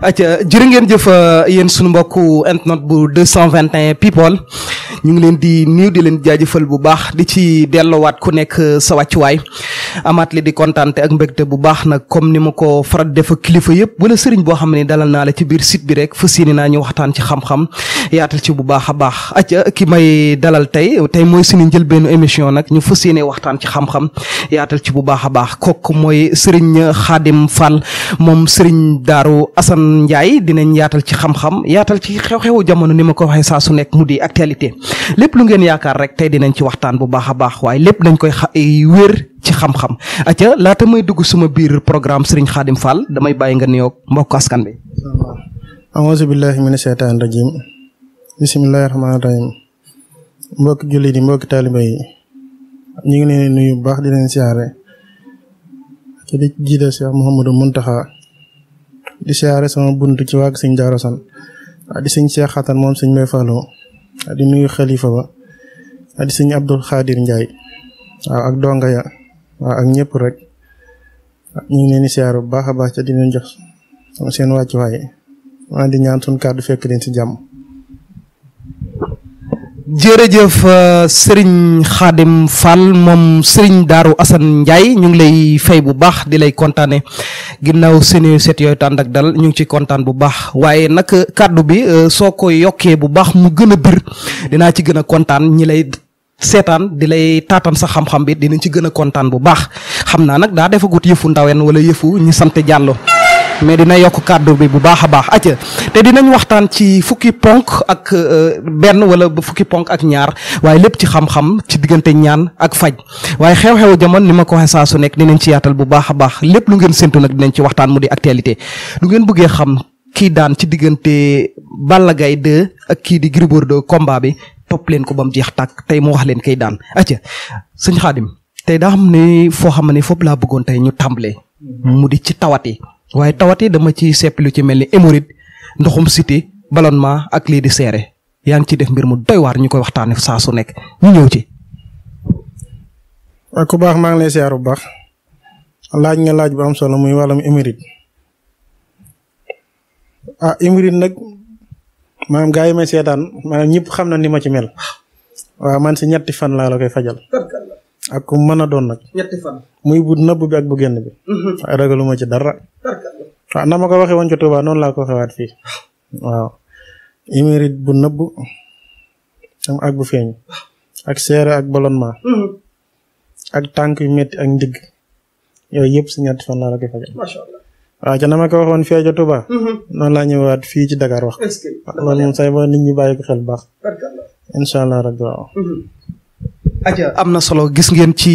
aca jërë ngeen jëf euh, yéen suñu mbokku internet bu 221 people ñu ngi leen di nuyu di leen jaajëfal bu baax di ci delloowaat ku nekk euh, sa wàccuwaay amaat li di kontaante ak mbégte bu baax nag comme ni ma ko farat def kilifa yëpp wala sëriñ boo xam ne dalal naa la ci biir sit bi rek fas yéene naa ñu waxtaan ci xam-xam yaatal ci bu baax a baax aca ki may dalal tey tey mooy suñu njëlbeenu émission nag ñu fas yéene waxtaan ci xam-xam ci bu baax a baax kooku mooy sëriñ Xaadim Fall moom sëriñ Daaru Assane Ndiaye dinañ yaatal ci xam-xam yaatal ci xew-xewu jamono ni ma ko waxee saa su nekk mu di actualité lépp lu ngeen yaakaar rek tey dinañ ci waxtaan bu baax a baax waaye lépp dañ koy wér ci xam-xam aca laata may dugg suma biir programme Serigne Khadim Fall damay bàyyi nga nuyoog mbokk askan bi aouzu billahi mina sheytaani rajim bismillahi rahmaani rahim mbokki jullit yi mbokki taaliba yi ñu ngi leen nuyu bu baax di leen siyaare ci di jiite Cheikh Mouhamadou Mountakha di bunt ci wàgg sëñ Daaro di sëñ Cheikh Xatan moom sëñ Mbay Fallo ah, di nuyu xalifa ba ah, di sëñ Abdul Xaadir Njaay waaw ah, ak donga ya waaw ak ñëpp rek ñu ngi leen di bu baax a baax ca di leen jox seen wàccuwaay maa di ñaan suñ kàddu fekk leen ci jàmm. jërëjëf euh, sëriñ Khadim Fall moom Serigne Darou Assane Ndiaye ñu ngi lay fay bu baax di lay kontaane ginnaaw seeni set yooyu tànd ak dal ñu ngi ci kontaan bu baax waaye nag kàddu bi euh, soo ko yokkee bu baax mu gën a bir dinaa ci gën a kontaan ñi lay seetaan di lay taataan sax xam-xam bi dinañ ci gën a kontaan bu baax xam naa nag daa defagut yëfu ndaween wala yëfu ñu sant jàllo mais dina yokk kàddu bi bu baax a baax acca te dinañ waxtaan ci fukki ponk ak euh, benn wala fukki ponk ak ñaar waaye lépp ci xam-xam ci diggante ñaan ak faj waaye xew-xewu jamono ni ma ko waxee saa su nekk nañ ci yaatal bu baax a baax lépp lu ngeen séntu nag dinañ ci waxtaan mu di actualité lu ngeen bëggee xam kii daan ci diggante Balla Gaye ak kii di Gris bi topp leen ko ba mu jeex tàkk tey mu wax leen kay daan acca sëñ Xaadim tey daa xam ne foo xam ne foofu laa bëggoon tey ñu tàmbalee mhm. mu di ci tawat yi waaye tawat yi dama ci sepp lu ci mel ni hémorroïde ndoxum cité ballonnement ak lii di seere yaa ngi ciy def mbir mu doy waar ñu koy waxtaane saa su nekk ñu ñëw ci waaw ku baax maa ngi lay siyaar bu baax laaj nga laaj bu am solo muy wàllum hémorroïde ah hémorroïde nag maanaam gaa yi may seetaan maanaam ñëpp xam na ni ma ci mel. waaw man si ñetti fan laa la koy fajal. ak ku mën a doon nag. muy bu nëbb bi ak bu génn bi. Mhm. ragaluma ci dara. waaw na ma ko waxee woon noonu laa ko xewaat fii. waaw émérite bu nëbb ak bu feeñ. ak seere ak ballonnement. Mhm. ak tànk yu métti ak ndigg yooyu yëpp si ñetti fan laa la fajal. waaw ca na ma ko waxoon fee jotu Touba. Mhm. noonu laa ñuy ñëwaat fii ci Dakar wax. est-ce que ah, bu baax. incha allah rabbi mhm. am na solo gis ngeen ci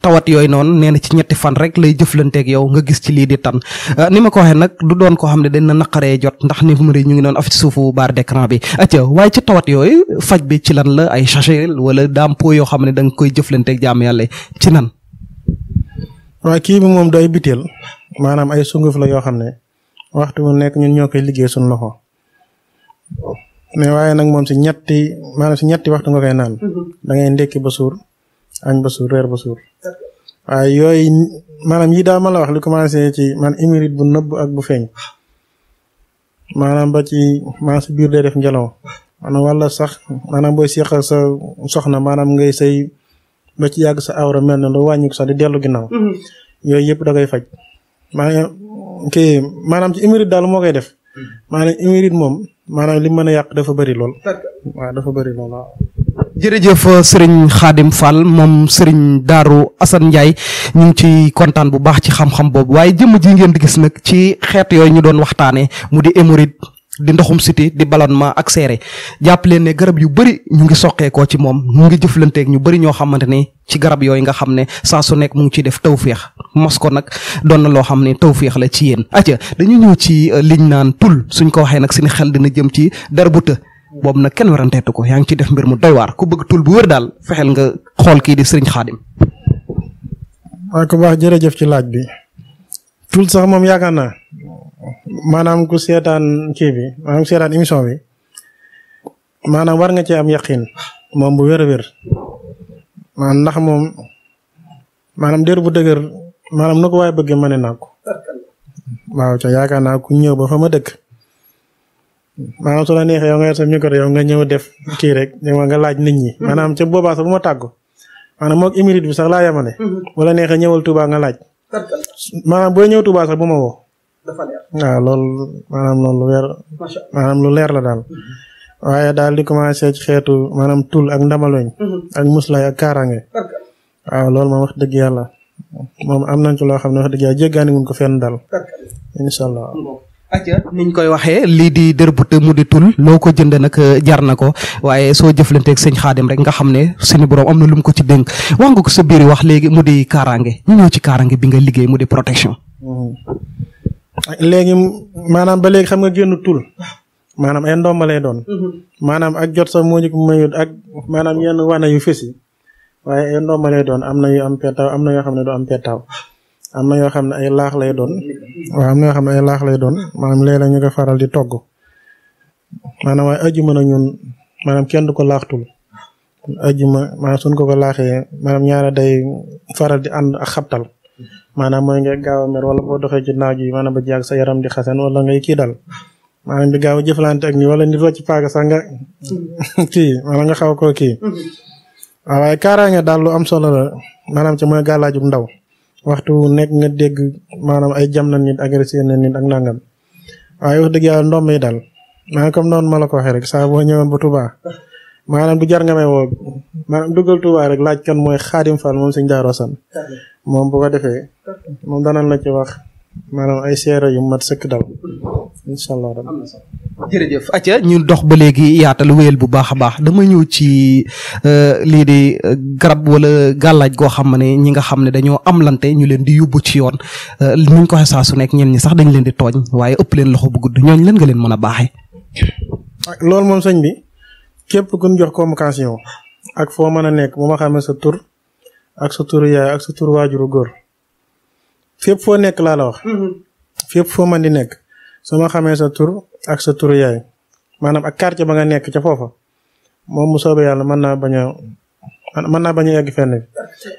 tawat yooyu noonu nee na ci ñetti fan rek lay jëflanteek yow nga gis ci lii di tan ah, ni ma ko waxee nag du doon koo xam ne dañ na naqaree jot ndax numéro yi ñu ngi doon af ci suufu barre d'écran bi aja waaye ci tawat yooyu faj bi ci lan la ay sachet wala daam po yoo xam ne danga koy jëflanteek jaamu yàlla ci nan. waaw kii bi moom day biteel maanaam ay sunguf la yoo xam ne waxtu mu nekk ñun ñoo koy liggéey suñu loxo mais waaye nag moom ci ñetti maanaam si ñetti waxtu nga koy naan mm-hmm. da ngay ndekki ba suur añ ba suur reer ba suur waaye yooyu maanaam yi daal ma la wax li commencé ci man émirite bu nëbb ak bu feeñ maanaam ba ci maanaam si biir day def njalaw maanaam wala sax maanaam booy seq sa soxna maanaam ngay sëy ba ci yàgg sa awra mel na lu wàññi ko sax di dellu ginnaaw mm-hmm. yooyu yëpp da koy faj maanaam maanaam ci émiride daal moo koy def maanaam émiride moom maanaam lim mën a yàq dafa bëri lool. waaw dafa bëri lool waaw. jërëjëf sëriñ Khadim Fall moom sëriñ Darou Assane Ndiaye ñu ngi kontaan bu baax ci xam-xam boobu waaye jëmm ji ngeen di gis nag ci xeet yooyu ñu doon waxtaanee mu di émiride di ndoxum siti di ballonnement ak seere jàpp leen ne garab yu bëri ñu ngi soqeekoo ci moom mu ngi jëflanteeg ñu bëri ñoo xamante ni ci garab yooyu nga xam ne saa su nekk mu ngi ciy def tawféex mos ko nag doon na loo xam ne tawféex la ci yéen. acca dañu ñëw ci euh, liñ naan tul suñ ko waxee nag suñu xel dina jëm ci dara bu darbuta boobu na kenn waranteetu ko yaa ngi ci def mbir mu doy waar ku bëgg tul bu wér daal fexeel nga xool kii di sëriñ xaadim. waaw ko baax jërëjëf ci laaj bi tul sax moom yaakaar naa maanaam ku seetaan kii bi maanaam ku seetaan émission bi maanaam war nga cee am yaqin moom bu wér a wér maanaam ndax moom maanaam dér bu dëgër maanaam na ko waaye bëggee ma ne ko waaw ca yaakaar naa ku ñëw ba fa ma dëkk maanaam su la neexee yow nga sa micro yow nga ñëw def kii rek nga laaj nit ñi maanaam ca boobaa sax bu ma tàggu maanaam moog émirite bi sax laa yemale. wala mhm. neexee ñëwal Touba nga laaj. maanaam boo ñëw Touba sax bu ma woo. waaw lool maanaam loolu lu leer la daal. Mm-hmm. waaye daal di commencé ci xeetu maanaam tul ak ndamaloñ. Mm-hmm. ak muslay ak kaaraange. waaw loolu moom wax dëgg yàlla moom am nañ ci loo xam ne wax dëgg yàlla wuñ ko fenn daal. incha allah. acca niñ koy waxee lii di dër bu mu di tul loo ko jënd nag eh, jar na ko waaye soo jëflanteeg sëñ xaadim rek nga xam ne suñu borom am na lu mu ko ci dénk wax nga ko sa biir wax léegi mu di kaaraange ñu ñëw ci kaaraange bi nga liggéey mu di protection. Mm-hmm. léegi maanaam ba léegi xam nga génn tul maanaam ay ndomba lay doon. Mhm. maanaam ak jot sax moo ñu ak maanaam yenn wana yu fës yi waaye ay ndomba lay doon am na yu am na yoo xam ne du am pettaaw am na xam ne ay laax lay doon waaw am na yoo xam ne ay laax lay doon maanaam léeg-léeg ñu ko faral di togg maanaam waaye ajuma na ñun maanaam kenn du ko laaxtul ajuma maanaam suñ ko laax laaxee maanam ñaara day faral di ànd ak xabtal. maanaam mooy nga gaaw a mer wala boo doxee ci naaj yi maanaam ba jàgg sa yaram di xasan wala ngay kii dal maanaam di gaaw a jëflante ak wala nit la ci paaga sax nga kii xaw koo kii waaw waaye kaaraange daal lu solo la maanaam ci mooy gàllaajub ndaw waxtu nekk nga dégg maanaam ay jam na nit agressé na nit ak nangam waaye wax dëgg yàlla ndomb yi daal maanaam comme noonu ma la ko waxee rek saa boo ñëwoon bu Touba maanaam du jar nga may woo maanaam duggal Touba rek laaj kan mooy Xaadim Fall moom Sëñ Daaru Asan moom bu ko defee moom danañ la ci wax maanaam ay seere yu mat sëkk dal incha allah rabbi acca ñu dox ba léegi yaatal wéyal bu baax a baax dama ñëw ci euh, lii di euh, garab wala gàllaaj goo xam ne ñi nga xam ne dañoo am lante ñu leen di yóbbu ci yoon euh, nuñ ko waxee su nekk ñenn ñi sax dañ leen di tooñ waaye ëpp leen loxo bu gudd ñooñ leen nga leen mën a baaxee ah, loolu moom sëñ bi képp ku ñu jox communication ak foo mën a nekk bu ma xamee sa tur ak sa turu yaay ak sa turu waajuru góor fépp foo nekk laa la wax. Mm-hmm. fépp foo man di nekk su ma xamee sa tur ak sa turu yaay maanaam ak quartier ba nga nekk ca foofa moom mu soobee yàlla mën naa bañ a mën naa bañ a yegg fenn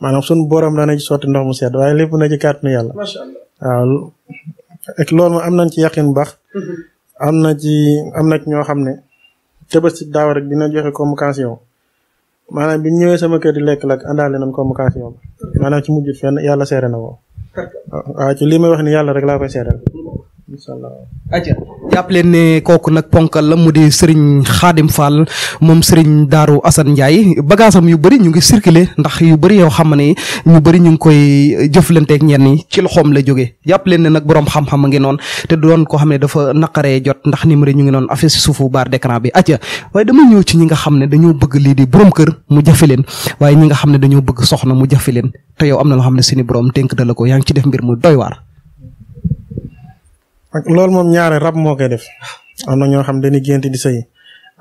maanaam sunu borom dana ci sotti ndox mu sedd waaye lépp na ci kàttanu yàlla. macha waaw ak loolu am nañ ci yaqin bu baax. Mm-hmm. am na ci am na ñoo xam ne tëbës ci daaw rek dina joxe comme occasion. maanaam bi ñëwee sama kër di lekk lak àndaale nañ convocation ba maanaam ci mujj fenn yàlla seere na ko waaw ci li may wax ne yàlla rek laa koy seeral incha allah leen ne kooku nag ponkal la mu di Serigne Khadim Fall moom Serigne Darou Assane Ndiaye bagaasam yu bari ñu ngi circuler ndax yu bari yoo xam ne ñu bëri ñu ngi koy jëflanteeg ñenn ñi ci loxoom la jógee jàpp leen ne nag borom xam-xam a ngi noonu te doon koo xam ne dafa naqaree jot ndax numéro ñu ngi noonu affiche si suufu baar d'écran bi aja waaye dama ñëw ci ñi nga xam ne dañoo bëgg lii di borom kër mu jafe leen waaye ñi nga xam ne dañoo bëgg soxna mu jafe leen te yow am na loo xam ne borom dénk da la ko yaa ngi ci def mbir mu doy ak loolu moom ñaare rab moo koy def am na ñoo xam dañuy gént di sëy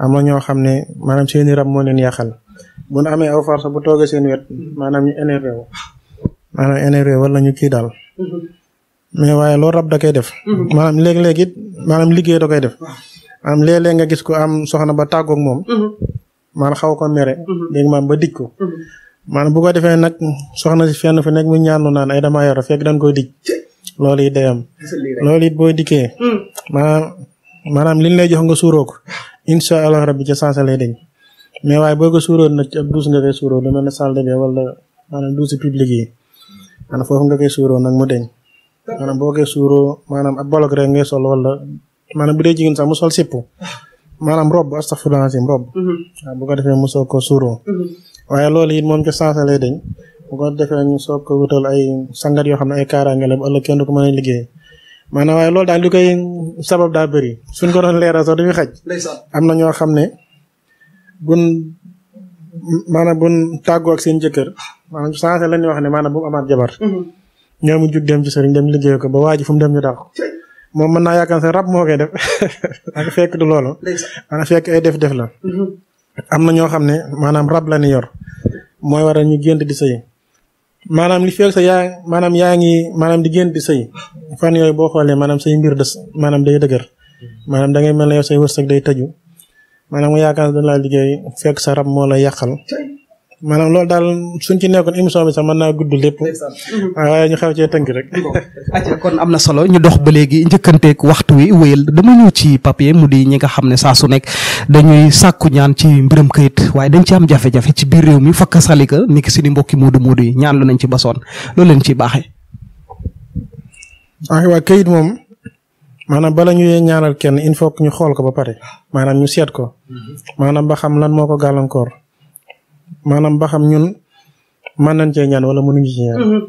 am na ñoo xam ne maanaam seeni rab moo leen yaxal bu nu amee aw force bu toogee seen wet maanaam ñu énervé wu maanaam énervé wala ñu kii daal mais waaye loolu rab da koy def maanaam léeg-léeg maanaam liggéey da koy def maanaam léeg-léeg nga gis ko am soxna ba tàggoog moom maanaam xaw ko mere léegi maam ba dij ko maanaam bu ko defee nag soxna si fenn fu nekk mu ñaanu naan ay dama yoro fekk dañ koy dij loolu it day am. loolu it boo dikkee. Hmm. maanaam maanaam liñ lay jox nga suuroo ko incha allah rabbi ca sansa lay dañ mais waaye boo ko suuroon nag ci ab duus nga koy suuroo lu mel ne salle de bain foofu nga koy suuroo nag mu deñ maanaam boo koy suuroo maanaam ab bolog rek ngay sol wala maanaam bu dee jigéen sax mu sol sipp maanaam rob astaghfirullah rob. Hmm. bu ko defee mu soog ko suuroo. Hmm. waaye loolu it moom ca sansa lay dañ bu ko defee ñu soog ko wutal ay sangat yoo xam ne ay kaaraange la bu ëllëg kenn ko mën a liggéey maanaam waaye lool daal li koy sabab daa bëri suñ ko doon leeral sax dañuy xaj am na ñoo xam ne bun maanaam bun tàggoo ak seen jëkkër maanaam ñuy wax ne maanaam bu mu jabar mhm. ñoo mu jug dem ci sëriñ dem liggéey ko ba waa ji fu mu dem ñu dàq moom mën naa yaakaar rab moo koy def fekk du loolu maanaam fekk ay def def la mhm. am na ñoo xam ne maanaam rab la ñu yor mooy waral ñu gént di sëy maanaam li fekk sa yaa maanaam yaa ngi maanaam di génn di sëy fan yooyu boo xoolee maanaam say mbir des maanaam day dëgër maanaam dangay ngay mel ne yow say wërsëg day tëju maanaam nga yaakaar ne dañ laa liggéey fekk sa rab moo la yàqal maanaam loolu daal suñ ci nekkoon émission bi sax mën naa gudd lépp waaye ñu xew cee tënk rek aca kon am na solo ñu dox ba léegi njëkkanteek waxtu wi wéyal dama ñëw ci papier mu di ñi nga xam ne saa su nekk dañuy sàkku ñaan ci mbiram këyit waaye dañ ci am jafe ci biir réew mi fakka salika ni ki si ni mbokki moodu moodu yi ñaan lu nañ ci basoon loolu leen ciy baaxee waaye waa këyit moom maanaam bala ñu ñaanal kenn il faut que ñu xool ko ba pare maanaam ñu seet ko mm-hmm. maanaam ba xam lan moo ko gàllankoor maanaam ba xam ñun mën nañ cee ñaan wala mënuñu ci ñaan. Mm-hmm.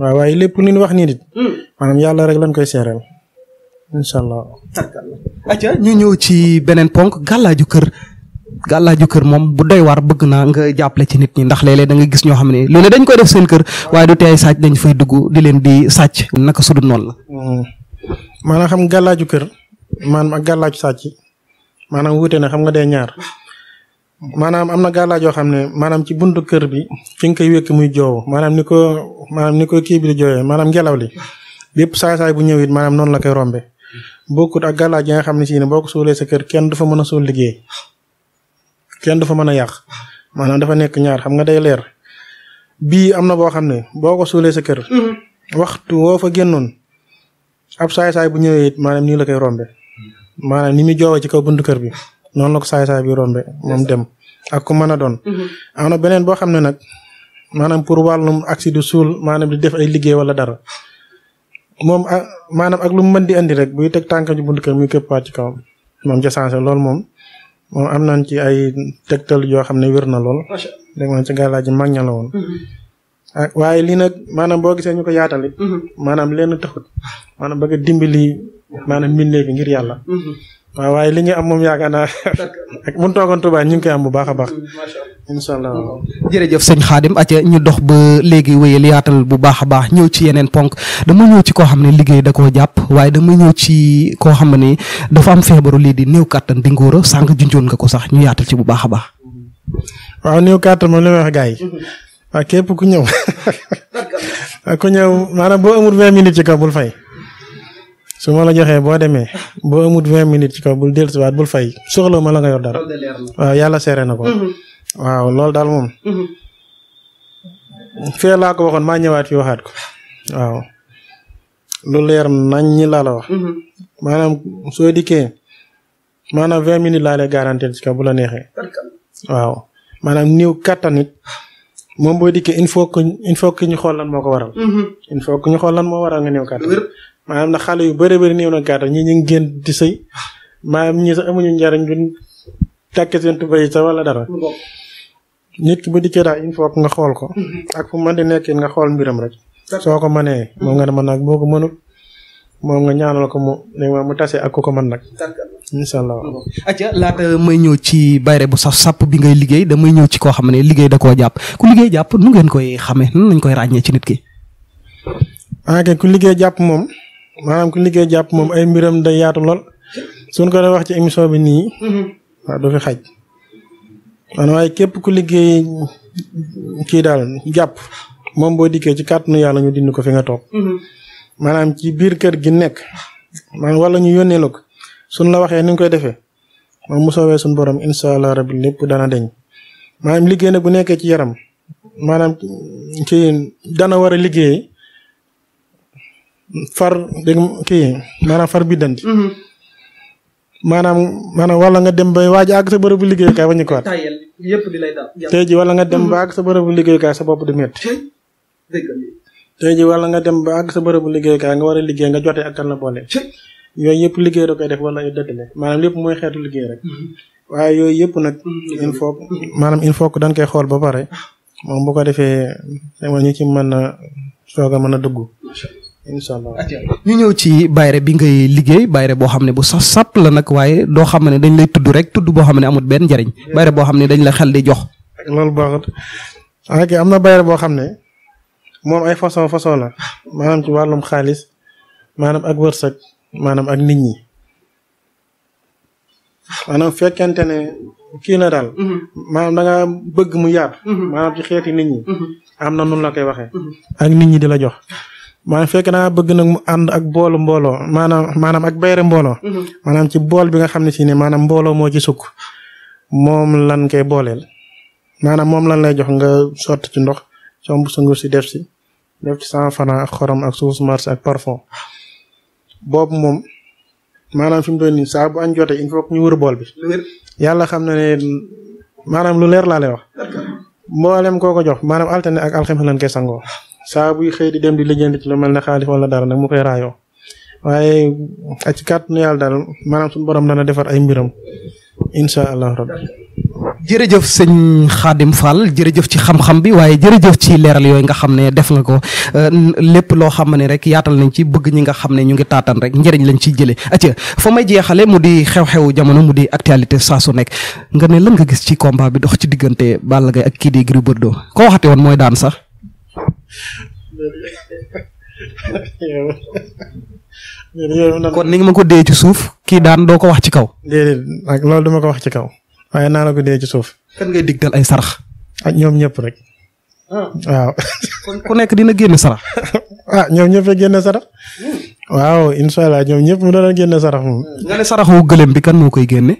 waaw waaye lépp li ñu wax nii nit mm. maanaam yàlla rek lañ koy seereel. incha allah. acca ñu ñëw ci beneen ponk gàllaaju kër. gàllaaju kër moom bu doy waar bëgg naa nga jàppale ci nit ñi ndax léeg-léeg da nga gis ñoo xam ne loolu dañ koy def seen kër waaye du tey sàcc dañ fay dugg di leen di sàcc. naka su dul noonu la. Mm-hmm. maanaam xam gàllaaju kër maanaam ak gàllaaju sàcc maanaam wute na xam nga day ñaar. maanaam am na gàllaaj yoo xam ne maanaam ci buntu kër bi fi nga koy wékk muy joow maanaam ni ko maanaam ni ko kii bi di jooyee maanaam ngelaw li bépp saay bu ñëw maanaam noonu la koy rombe bokkut ak gàllaaj yi nga xam ne si ne boo ko suulee sa kër kenn du mën a suul liggéey mën a yàq maanaam dafa nekk ñaar xam nga day leer bii am na boo xam ne boo ko sa kër mm-hmm. waxtu woo fa génnoon ab saay-saay bu ñëwee it maanaam nii la koy rombe maanaam ni muy joowee ci kaw buntu kër bi noonu la ko saay-saay bi rombe moom dem ak ku mën a doon mhm. am na beneen boo xam ne nag maanaam pour wàllum accident suul maanaam di def ay liggéey wala dara moom maanaam ak lu mu mën di andi rek buy teg tànkam ci bunt kër muy këpp ci kaw moom ca sensé loolu moom moom am na ci ay tegtal yoo xam ne wér na lool dégg nga ci gàllaaji mag ña la woon mhm. waaye lii nag maanaam boo gisee ñu ko yaatalit mhm. maanaam lenn taxut maanaam ba dimbali maanaam mbindeef bi ngir yàlla waaw waaye li ñu am moom yaakaar naa ak mun toogoon ñu ngi am bu baax a baax. incha allah jërëjëf sëñ Xaadim aca ñu dox ba léegi wéyal yaatal bu baax a baax ñëw ci yeneen ponk dama ñëw ci koo xam ne liggéey da koo jàpp waaye dama ñëw ci koo xam ni dafa am feebaru lii di niw kàttan di ngóora sànq junjoon nga ko sax ñu yaatal ci bu baax a baax. waaw néew kàttan moom li may wax gaa yi mhm. képp ku ñëw ku ñëw maanaam boo amul vingt minutes ci kaw bul fay. su ma la joxee boo demee boo amut vingt minutes ci kaw bul dellusiwaat bul fay soxla ma la nga yor dara waaw yàlla seere na ko mhm. waaw loolu daal moom mhm. fee laa ko waxoon maa ñëwaat fi waxaat ko waaw lu leer nañ ñi laa wax mhm. maanaam soo dikkee maanaam vingt minutes laa lay garantir ci kaw bu la neexee waaw maanaam niw kattan it moom boo dikkee il faut que il faut que ñu xool lan moo ko waral il faut que ñu xool lan moo waral nga néew kàttan maanaam na xale yu bëri bëri néew a gàttal ñi ñu ngi génn di sëy maanaam ñi sax amuñu njariñ duñ tàkkee seen tubéy sa wala dara. nit ki bu dikkee daal il nga xool ko. Mm-hmm. ak fu mën di nekkee nga xool mbiram rek. soo ko mënee. moom nga ne man nag boo ko mënul moom nga ñaanal ko mu mu tase ak ku ko man nag. incha laata may ñëw ci bayre bu saf sap bi ngay liggéey damay ñëw ci koo xam ne liggéey da koo jàpp ku liggéey jàpp nu ngeen koy xamee nan lañ koy ràññee ci nit ki. Ah, liggéey jàpp moom. maanaam ku liggéey jàpp moom ay mbiram day yaatu lool suñ ko doon wax ci émission bi nii. waaw du fi xaj. man waaye képp ku liggéey kii daal jàpp moom boo dikkee ci kàttanu yàlla ñu dindi ko fi nga toog. maanaam ci biir kër gi nekk. maanaam wala ñu yónnee la suñ la waxee ni nga koy defee moom mu soobee suñu borom incha allah rabi lépp dana deñ maanaam liggéey nag bu nekkee ci yaram maanaam ci dana war a liggéey far dégg kii maanaam far bi danti mm-hmm. maanaam maanaam wala nga dem ba waaj àgg sa bërëbu liggéeyukaay ba ñu ko waat tey ji wala nga dem ba mm-hmm. àgg sa bërëbu liggéeyukaay sa bopp di métti wala nga dem ba àgg sa bërëbu liggéeyukaay nga war a liggéey nga jotee ak kan la boole yooyu yëpp liggéey da koy def wala ay dëddale maanaam lépp mooy xeetu liggéey rek mm-hmm. waaye yooyu yëpp nag il faut maanaam il faut que dañ koy xool ba pare ah. moom bu ko defee ñu ci mën a soog a mën a dugg incha allah ñu ci bayre bi ngay liggéey bayre boo xam ne bu sax sap la nag waaye doo xam ne dañ lay tudd rek tudd boo xam ne amut benn njariñ bayre boo xam ne dañ la xel di jox. loolu baaxut ah, ok am na bayre boo xam ne moom ay façon façon la maanaam ci wàllum xaalis maanaam ak wërsëg maanaam ak nit ñi fekkente ne kii la daal. Mm-hmm. maanaam da nga bëgg mu yaatu. Mm-hmm. maanaam ci xeeti nit ñi. Mm-hmm. am na nun la koy waxee. ak nit ñi di la jox. maanaam fekk naa bëgg nag mu ànd ak boolu mbooloo maanaam maanaam ak bayre mbooloo. Mm-hmm. maanaam ci bool bi nga xam ne si ne maanaam mbooloo moo ci sukk moom lan koy booleel maanaam moom lan lay jox nga sotti ci ndox somb sungur si def si def ci ak xorom ak suuf ak parfum boobu moom maanaam fi mu doon nii saa bu añ jotee il faut bool bi. yàlla xam na ne maanaam lu leer laa lay wax. mboolem koo ko jox maanaam alterné ak alxames lan koy sangoo. saa buy xëy di dem di lijjanti ci lu mel ne xaalis wala dara nag mu koy raayoo waaye ci kàttanu yàlla daal maanaam suñu borom dana defar ay mbiram incha allah rabbi. jërëjëf sëñ Khadim Fall jërëjëf ci xam-xam bi waaye jërëjëf ci leeral yooyu nga xam ne def nga ko euh, lépp loo xam ne rek yaatal nañ ci bëgg ñi nga xam ne ñu ngi taatan rek njëriñ lañ ciy jëlee. atya fa may jeexale mu di xew xew jamono mu di actualité saa su nekk nga ne lan nga gis ci bi dox ci diggante Balla kii di kon ni nga ma ko dee ci suuf kii daan doo ko wax ci kaw. déedéet ak loolu duma ko wax ci kaw waaye naa la ko dee ci suuf. kan ngay digtal ay sarax. ak ah, ñoom ñëpp rek. Ah. waaw. ku nekk dina génne sarax. ah ñoom ñëpp a waaw incha allah ñëpp mu doon génne sarax moom. nga ne saraxu gëlëm bi kan moo koy génne.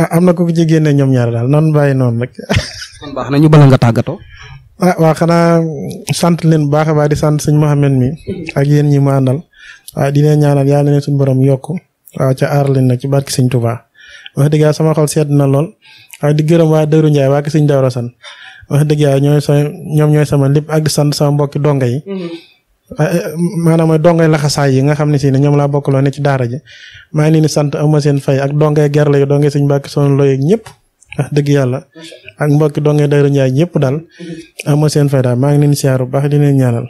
ah am na ko ci génne ñoom ñaar daal nan bàyyi noonu rek. kon baax na ñu bala nga tàggatoo. ah waaw xanaa sant leen bu baax a baax di sant sëñ Mouhamed mi ak yéen ñi mu àndal waaw ah, di leen ñaanal yàlla ne suñu borom yokk waaw ah, ca aar leen nag ci barki sëñ Touba wax dëgg sama xol sedd na lool waaw ah, di gërëm waa Dëru Ndiaye waa ki sëñ Dawra wax dëgg yàlla ñooy sa ñoom ñooy sama lépp ak sant sama mbokki donga yi. Mm-hmm. Eh, maanaam mooy dongay laxasaay yi nga xam ne si ne ñoom laa bokkaloo ne ci daara ji maa ngi leen di sant am seen fay ak dongay gerle yi dongay sëñ Mbàkke son looy ñëpp. wax dëgg yàlla ak mbokki donge Daara Ndiaye ñëpp daal ama seen fayda maa ngi leen siyaar bu baax di leen ñaanal